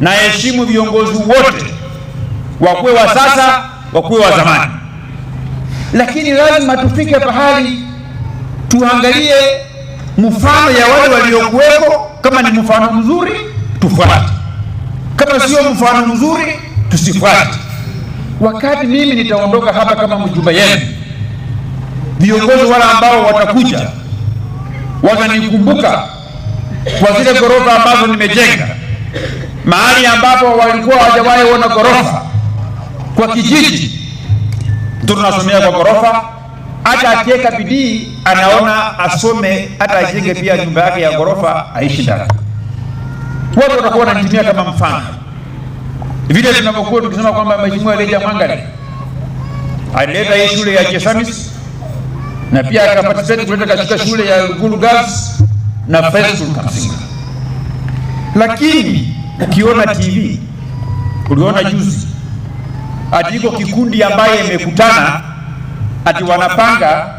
Naheshimu viongozi wote, wakuwe wa sasa, wakuwe wa zamani, lakini lazima tufike pahali tuangalie mfano ya wale waliokuwepo. Kama ni mfano mzuri tufuate, kama sio mfano mzuri tusifuate. Wakati mimi nitaondoka hapa kama mjumbe yenu, viongozi wale ambao watakuja watanikumbuka kwa zile ghorofa ambazo nimejenga mahali ambapo walikuwa hawajawahi kuona ghorofa kwa kijiji, mtoto anasomea kwa ghorofa. Hata akiweka bidii anaona asome, hata ajenge pia nyumba yake ya ghorofa aishi ndani. Watu watakuwa wananitumia kama mfano, vile tunavyokuwa tukisema kwamba Mheshimiwa Elijah Mwangale alileta hii shule ya Chesamis na pia akapatiseti kuleta katika shule ya Lugulu Girls na Faisal Kamsinga, lakini Ukiona TV uliona juzi ati iko kikundi ambaye imekutana ati wanapanga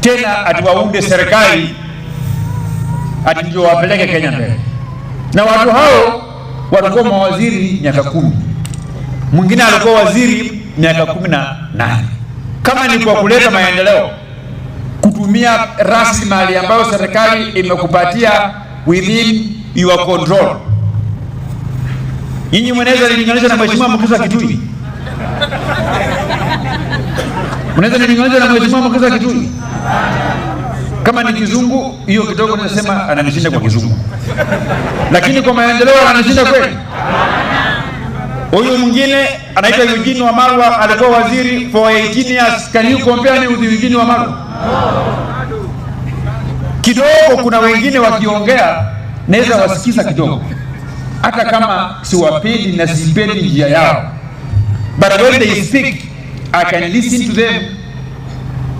tena ati waunde serikali ati ndio wapeleke Kenya mbele, na watu hao walikuwa mawaziri miaka kumi, mwingine alikuwa waziri miaka kumi na nane. Kama ni kwa kuleta maendeleo, kutumia rasilimali ambayo serikali imekupatia within your control Nyinyi mnaweza nilinganisha na Mheshimiwa wa Kitui, mnaweza nilinganisha na Mheshimiwa wa Kitui. Kama ni kizungu hiyo kidogo, nasema ananishinda kwa kizungu, lakini kwa maendeleo ananishinda kweli. Huyu mwingine anaitwa Eugene Wamalwa, alikuwa waziri for 18 years. Can you compare me with Eugene Wamalwa? Kidogo kuna wengine wakiongea naweza wasikiza kidogo hata kama siwapendi na sipendi njia yao, but when they speak I can listen to them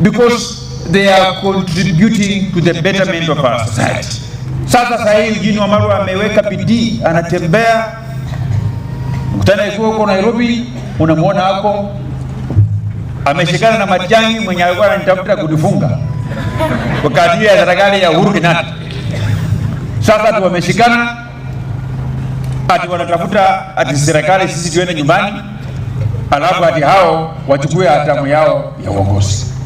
because they are contributing to the betterment of our society. Sasa saa hii Eugene Wamalwa ameweka bidii, anatembea mkutana ikiwa huko Nairobi, unamwona hako ameshikana na Matiang'i mwenye alikuwa ananitafuta kudifunga wakati ya serikali ya Uhuru Kenyatta. Sasa tu wameshikana ati wanatafuta ati serikali sisi tuende nyumbani, alafu ati hao wachukue hatamu yao ya uongozi.